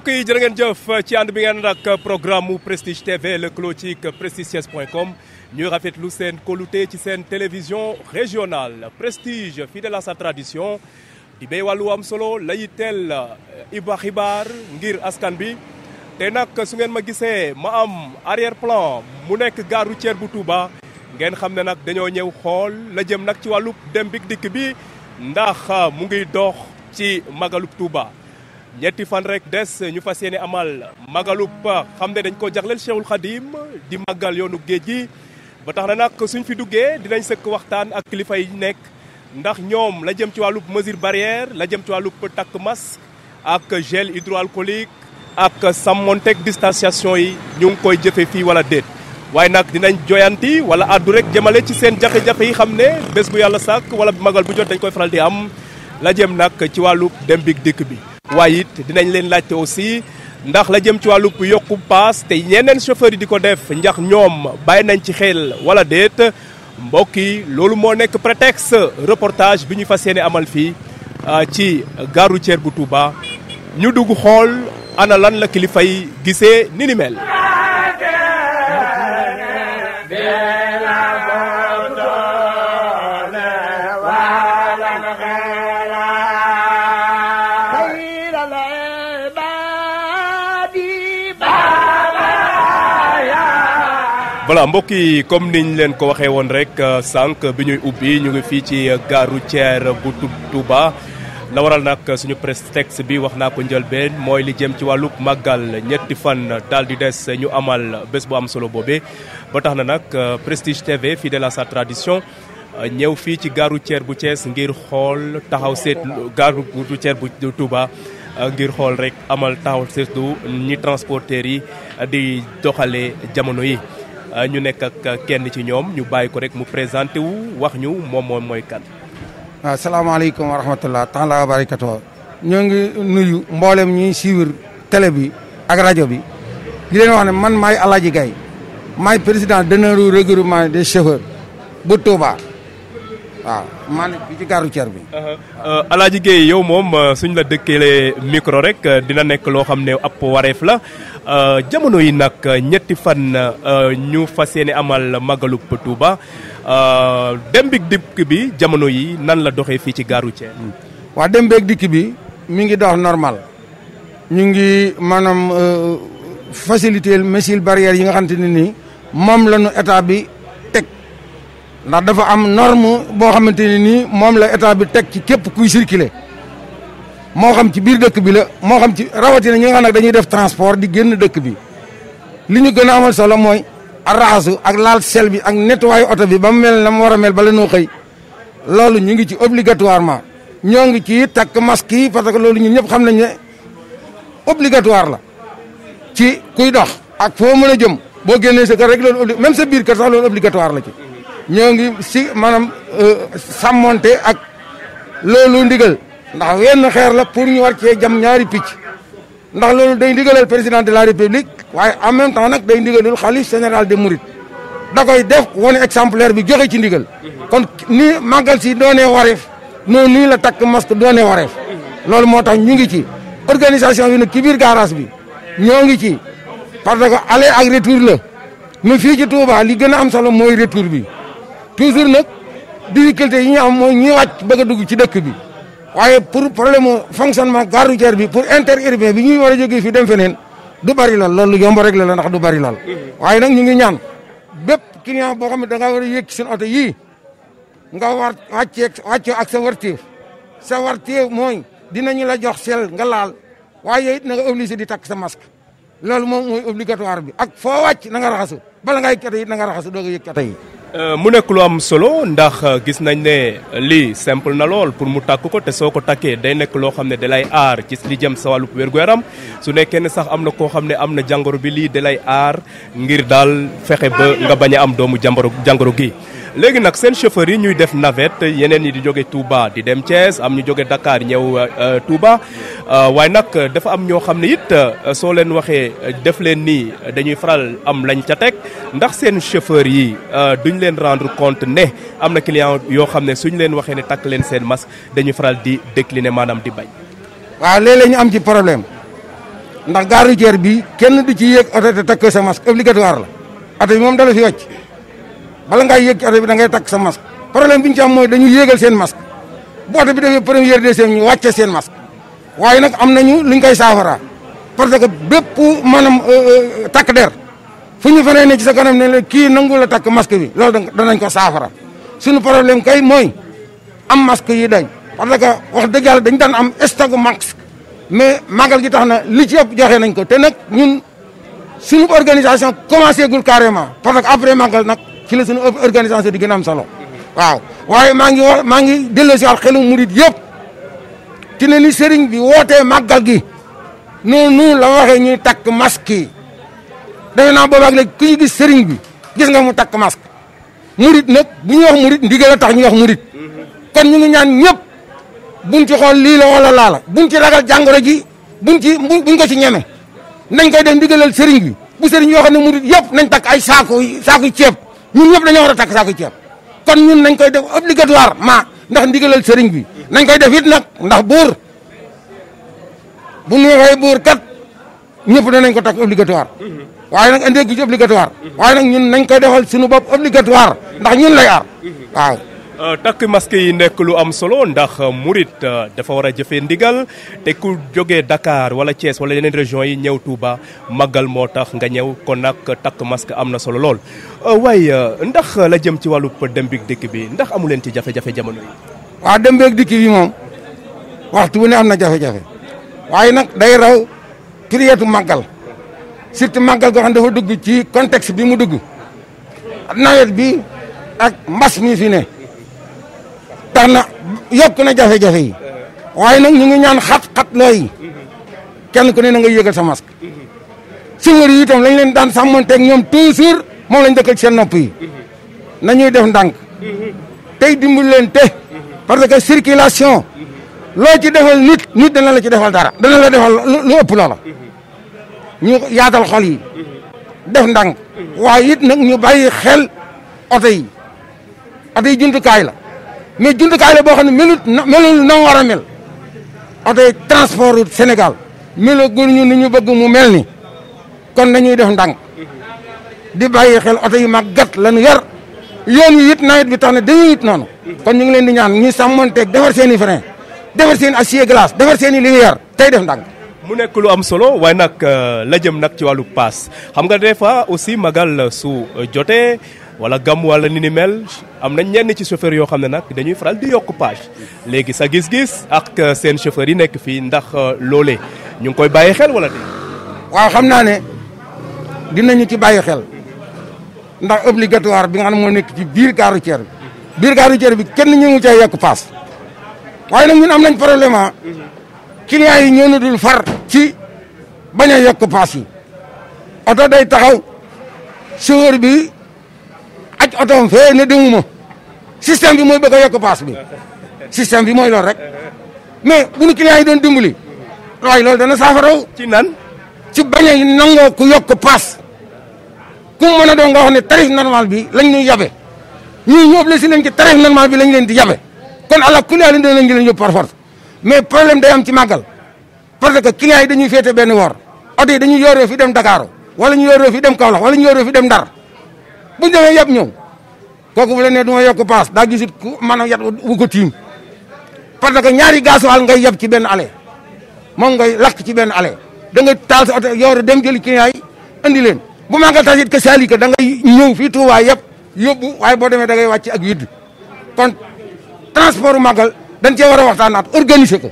mbokk je jërë ngeen ci ànd bi ngeen ak programme mu Prestige TV lëkkaloo ci prestigethies.com ñuy rafetlu seen kóolute ci seen télévision régionale Prestige fidèle à sa tradition di béy am solo Layitel teel eh, iba xibaar ngir askan bi. te nag su ngeen ma gisee ma am arrière plan mu nekk garoucheur routière bu Touba ngeen xam ne nag dañoo ñëw la jëm nag ci wàllub dem bi dikk bi ndax eh, mu ngi dox ci magalub Touba. ñetti fan rek des ñu amal magalupa xam ne dañ ko jagleel cheikhul di magal yonu géej gi ba tax na nag suñ fi duggee dinañ sëkk waxtaan ak kilifa yi nekk ndax petak la jëm ci mesure barrière la jëm ci masque ak gel hydroalcoolique ak sàmmonteeg distanciation yi ñu ngi koy jëfe fii wala déet waaye nag dinañ joyanti wala addu rek jëmale ci seen jafe-jafe yi bu wala magal bu jot dañ koy faral di am la jëm nag ci wàllub dem big bi waaye it dinañ leen laajte aussi ndax la jëm ci wàllub yokku paas te ñeneen chauffeur yi di ko def njax ñoom bàyyi nañ ci xel wala deet mbokk yi loolu moo nekk prétexte reportage bi ñu fas yéene amal fii ah, ci gare routière bu Touba ñu dugg xool ana lan la kilifay yi gisee ni ni mel. voilà mbokk yi comme niñ leen ko waxee woon rek euh, sànq bi ñuy ubbi ñu ngi fii ci euh, gare routière bu Touba na waral nag euh, suñu prétexte bi wax naa ko njëlbeen mooy li jëm ci wàllub màggal ñetti fan daal di des ñu amal bés bu am solo boobee. ba tax na nag Prestige TV fidèle à sa tradition ñëw fii ci gare routière bu Thiès ngir xool taxaw seetlu gare routière bu Touba. ngir xool rek amal taxaw seetlu ñi transporteurs yi di doxalee jamono yi. Euh, ñu nekk ak euh, kenn ci ñoom ñu bàyyi ko rek mu présenté wu wax ñu moom moom mooy kan. waaw ah, salaamaaleykum wa rahmatulah taala wa barakatuh ñoo ngi nuyu mboolem ñuy suivre télé bi ak rajo bi di leen wax ne man maay Alaaji Gaye maay président d'honneur regroupement des chauffeurs bu Touba. waaw Malick bi ci gare bi. Uh-huh. Uh, Alaaji Guèye yow moom uh, suñ la dëkkalee micro rek uh, dina nekk loo xam ne ab wareef la jamono yi nag ñetti fan ñu fas yéene amal magalub Touba dem bi dikk bi jamono yi nan la doxee fii ci gare routière. Hmm. waa dem beeg dikk bi mu ngi dox normal ñu ngi maanaam facilité mesure barrière yi nga xamante ne nii moom la ñu état bi. ndax dafa am norme boo xamante ne nii moom la état bi teg ci képp kuy circuler moo xam ci biir dëkk bi la moo xam ci rawatina ñi nga xam nag dañuy def transport di génn dëkk bi li ñu gën a amal solo mooy raxasu ak laal sel bi ak nettoyer oto bi ba mu mel na mu war a mel ba leen noo xëy loolu ñu ngi ci obligatoirement ñoo ngi ci takk masque yi parce que loolu ñu ñëpp xam nañ ne obligatoire la ci kuy dox ak foo mën a jëm boo génnee sa kër rek loolu même sa biir kër la ci ñoo ngi si maanaam euh, sàmmonte ak loolu ndigal ndax wenn xeer la pour ñu war cee jam ñaari picc ndax loolu day ndigalal président de la république waaye en même temps nag day ndigalul xalif général de mourides da koy def wane exemplaire bi joxe ci ndigal kon ni màggal si doonee wareef noonu nii la takk masque doonee wareef loolu moo tax ñu ngi ci organisation bi nag ci biir garage bi ñoo ngi ci parce que aller ak retour la mais fii ci Touba li gën a am solo mooy retour bi toujours nak difficulté yi ñu am ñi wacc bëgg dugg ci dëkk bi waye pour problème fonctionnement garu jër bi pour interurbain bi ñuy wara joggé fi dem fenen du bari lool loolu yomb rek la ndax du bari lool. waye nak ñu ngi ñaan bép client bo xam da nga wara yékk yëg seen oto yii nga war wacc wacc ak sa wartif sa wartif moy dinañu la jox sel nga laal waye it nga obligé di tak sa masque loolu mom moy obligatoire bi ak fo wacc na nga raxasu bala ngay kété it na nga raxasu do nga yékk kété yi. Euh, mu nekk lu am solo ndax euh, gis nañ ne euh, lii semple na lool pour mu tàkk ko te soo ko takkee day nekk loo xam ne dalay aar ci li jëm sawalu wàllu wér-gu-yaram mm. su nekkee ne sax am na koo xam ne am na jàngoro bi lii dalay aar ngir daal fexe ba nga bañ a am doomu jàngoro jàngoro gi. léegi nag seen chauffeur yi ñuy def navette yeneen yi di jóge Touba di dem Thiès am ñu jóge Dakar ñëw euh, euh, Touba euh, waaye nag dafa am ñoo xam ne it soo leen waxee def leen nii dañuy faral am lañ ca teg ndax seen chauffeur yi duñ leen rendre compte ne am na client yoo xam ne suñ leen waxee ne takk leen seen masque dañuy faral di décliner maanaam di bañ. waaw léeg-léeg ñu am ci problème ndax gare routière bi kenn du ci yéeg oto te takk sa masque obligatoire la oto bi moom bala ngaa yek ci bi da ngay tak sa masque problème biñ ci am moy dañu yéegal seen masque boote bi bi premier de deuxième ñu wàcce seen masque waye nak am nañu luñ koy safara parce que bépp manam euh, euh, tak der fu ñu fanee ne ci sa kanam ne la kii nangu la tak masque bi da nañ ko safara suñu problème kay moy am masque yi dañ parce que wax deug yalla dañ daan am stock masque mais magal gi taxna li ci ëpp joxe nañ ko te nak ñun suñu organisation commencé gul carrément parce que après magal nak ci la suñu organisation di gëna am solo waaw waye ma ngi ma ngi delo ci al xelu murit yépp ci ne ni sëriñ bi woté magal gi noonu la waxé ñuy tak masque yi defe naa boobaag léegi ku ñu gis sëriñ bi gis nga mu tak masque murit nak bu ñu wax murit ndigal la tax ñu wax murit kon ñu ngi ñaan ñëpp buñ ci xol li la wala la la buñ ci ragal jangoro ji buñ ci buñ ko ci ñëmé nañ koy dem digëlal sëriñ bi bu sëriñ yo xam ne murit yëpp nañ tak ay saako saako ñun ñëpp dañoo war a takk saako ceeb kon ñun nañ koy def obligatoire maa ndax ndigalal sëriñ bi nañ koy def it nag ndax buur bu ñu waxee buur kat ñëpp danañ ko takk obligatoire waaye nag indee ci obligatoire waaye nag ñun nañ koy defal sunu bopp obligatoire ndax ñun lay aar waaw Euh, takk masque yi nekk lu am solo ndax murit euh, dafa war a jëfee ndigal te ku jógee Dakar wala cees wala yeneen région yi ñëw Touba màggal moo tax nga ñëw kon nag takk masque am na solo lool. Euh, waaye ndax la jëm ci wàllu dem bi dikk bi ndax amu leen ci jafe-jafe jamono yi. waaw dem dikk bi moom waxtu bu ne am na jafe-jafe waaye nag day raw kiliyeetu màggal surtout màggal goo dafa dugg ci contexte bi mu dugg nawet bi ak mbas mi fi ne. tax na yokk na jafe-jafe yi waaye nag ñu ngi ñaan xat-xat looyi kenn ku ne na nga yëgal sa masque singari yi itam lañ leen daan sàmmanteeg ñoom toujours moom lañ dëkkal seen nopp yi nañuy def ndànk tey dimbul leen te parce que circulation loo ci defal nit nit dana la ci defal dara dana la defal lu ëpp loola ñu yaatal xol yi def ndànk waaye it nag ñu bay xel oto yi oto yi la mais jumtukaay la boo xam ne melut melul na war a mel oto yi transport Sénégal melagul ñu ni ñu bëgg mu mel ni kon nañuy def ndànk di bàyyi xel oto yi màggat la ñu yar yoon yu it nawet bi tax na dañuy it noonu kon ñu ngi leen di ñaan ñu sàmmanteeg defar seeni i frein defar seen i acier glace defar seen i lumière tey def ndànk mu nekk lu am solo waaye nag euh, la jëm nag ci wàllu paas xam nga des fois aussi magal su jotee wala gam wala ni ni mel am na ñenn ci chauffeur yoo xam ne nag dañuy faral di yokk page léegi sa gis-gis ak euh, seen chauffeur yi nekk fii ndax euh, loolee ñu ngi koy bàyyi xel wala de waaw xam naa ne dinañu ci bàyyi xel ndax obligatoire bi nga xam moo nekk ci biir gare routière bi biir gare routière bi kenn ñu ngi cay yokk paas waaye nag ñun am nañ problème ah clients yi ñoo na dul far ci bañ a yokk paas yi oto day taxaw chauffeur bi aj otoom fee ne demuma système bi mooy bëgg a yokk paas bi système bi mooy loolu rek mais bu nu client yi doon dimbali waaye loolu dana saafaraw ci nan ci bañ a nangoo ku yokk paas ku mu mën a doon nga wax ne tarif normal bi lañ ñuy yabe ñuy ñëpp la si leen ci tarif normal bi lañ leen di yabe kon ala kulli haal dinañ leen yóbbu par force mais problème day am ci màggal parce que client yi dañuy féete benn woor oto yi dañuy yoroo fi dem Dakar wala ñu yoroo fi dem Kaolack wala ñu yoroo fi dem Ndar bu ñu demee yëpp koku bu la nee du ma yokk paas gisit ku mën yat wu ko tiim parce que ñaari gasoil ngay yeb ci ben allée mo ngay lak ci ben allée da ngay tal sa oto yow dem jël ki ay andi len bu ma nga tajit ke sali ke da ngay ñew fi Touba yeb yobbu way bo demé da ngay wacc ak yidd kon transport magal dañ ci wara waxtanat organiser ko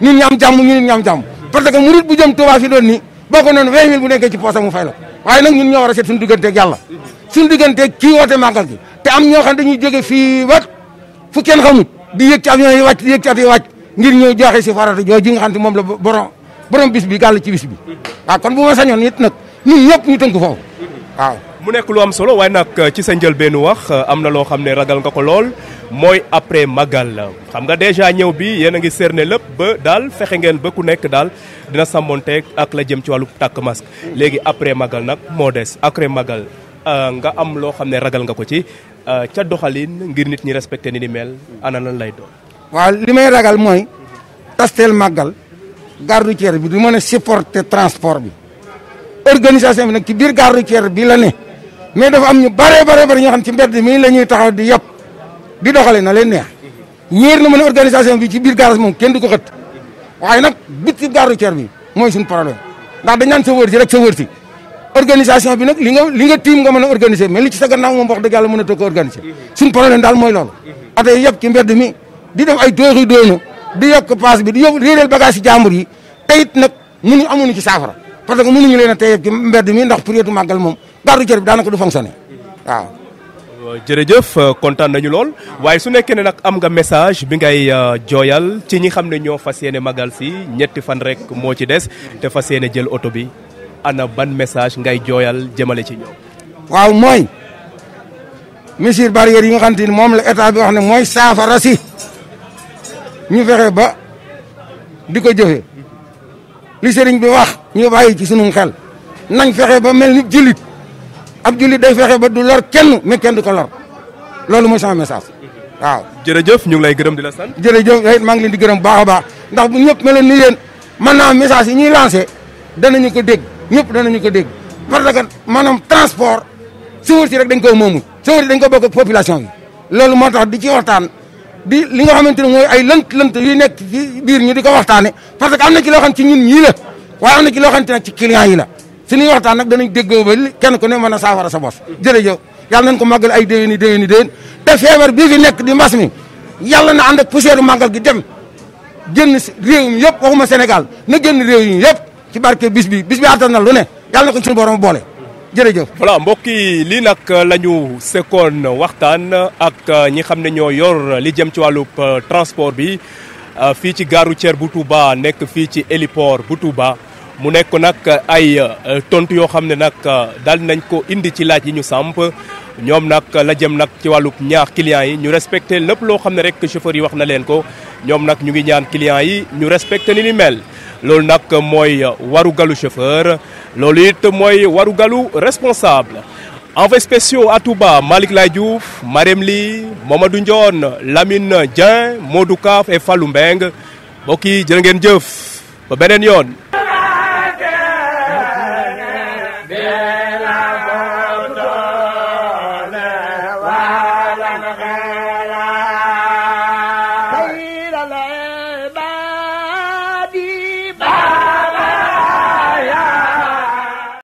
ñun ñu am jàmm ñun ñam jam jàmm parce que mourid bu jëm Touba fi doon ni boko non 20000 bu nekk ci posa mu fay la waaye nak ñun ñoo wara set seet suñu diggante ak yalla suñu digënté ki woté magal gi té am ño xam dañuy jëgé fi wat fu kenn xamut di yékk avion yi wàcc di yëg ci yi wàcc ngir ñëw joxe ci farata jooju nga xam te moom la borom borom bis bi gal ci bis bi wa kon bu ma sañoon it nag ñun ñëpp ñu tënku fofu wa mu nekk lu am solo way nak euh, ci sa njëlbeenu wax euh, amna lo xamné ragal nga ko lool moy après magal xam nga déjà ñëw bi yéen a ngi cerner lépp ba dal fexé ngeen ba ku nekk dal dina samonté ak la jëm ci walu tak masque légui après magal nak modès après magal. Euh, nga am loo xam ragal nga ko ci euh, ca doxalin ngir nit ñi respecté ni ni mel ana lan lay doon waaw li may ragal mooy tastel màggal gare routière bi du mën a supporter transport bi organisation bi nag ci biir gare routière bi la ne mais dafa am ñu bare bare bare ñoo xam ci mbedd mi la ñuy taxaw di yëpp di doxale na leen neex ñeer na mën a organisation bi ci biir garage moom kenn du ko xët waaye nag biti gare routière bi mooy suñu problème ndax dañ naan sa wër si rek sa wër si organisation bi nak li nga li nga tiim nga mën organiser mais li ci sa gannaaw moom wax dëgg yàlla mënatoo ko organiser suñ problème dal moy lool atay yeb ki mbedd mi di def ay dóoxi doonu di yok pass bi di yóbbu reel bagage ci jambour yi tayit nak mënu amunu ci safara parce que mënuñu ñu leena tayeb ki mbedd mi ndax période magal mom gardu cër bi danaka du fonctionner waaw euh, jërëjëf euh, kontaan nañu lool waaye su nekkee ne nag am nga message bi ngay euh, jooyal ci ñi xam ne ñoo fas yéene magal si ñetti fan rek moo ci des te fas yéene jël oto bi ana ban message ngay jooyal jëmale ci ñoom. waaw mooy mesures barrières yi nga xam moom la état bi wax ne mooy saafara si ñu fexe ba di ko jëfe li sëriñ bi wax ñu bàyyi ci sunu xel nañ fexe ba mel ni jullit ab jullit day fexe ba du lor kenn mais kenn du ko lor loolu mooy sama message waaw. jërëjëf ñu ngi lay gërëm di la sant. jërëjëf it maa ngi leen di gërëm baax a baax ndax bu ñëpp meloon ni leen mën naa message yi ñuy lancé ñu ko dégg. ñëpp danañu ko dégg par la que manam transport chauffeur ci rek dañ ko momu chauffeur si dañ ko bokk population yi lolu mo tax di ci waxtaan di li nga xamanteni moy ay lënt lënt yu nekk ci biir ñu diko waxtane parce que amna ci lo xam ci ñun ñi la waaye amna ci lo xam nag ci client yi la ci suñuy waxtaan nak dañu déggo ba kenn ko ne mëna safara sa boss bopp jërëjëf yalla nañ ko magal ay déwéni déwéni deen te fever bi fi nekk di mbas mi yàlla na and ak poussière magal gi dem genn réew mi yëpp waxuma Sénégal na genn réew yi yépp ci barke bis bi bis na lu ne yàlla na ko suñu borom boole jërëjëf. voilà mbokk yi lii nag la ñu sekkoon waxtaan ak euh, ñi xam ne ñoo yor li jëm ci wàllub euh, transport bi euh, fii ci gare routière bu Touba nekk fii ci héliport bu Touba mu nekk nag ay tontu yoo xam ne nag daal nañ ko indi ci laaj yi ñu samp ñoom nag la jëm nag ci wàllub ñaax clients yi ñu respecté lépp loo xam ne rek chauffeur yi wax na leen ko ñoom nag ñu ngi ñaan clients yi ñu respecté ni ni mel. loolu nag mooy warugalu chauffeur loolu it mooy warugalu responsable envoyés spéciaux à Touba Malick Lay Diouf Marème Ly Mamadou Ndione Lamine Dieng Modou Kaaf et Fallou Mbeng mbokk yi jëf ba beneen yoon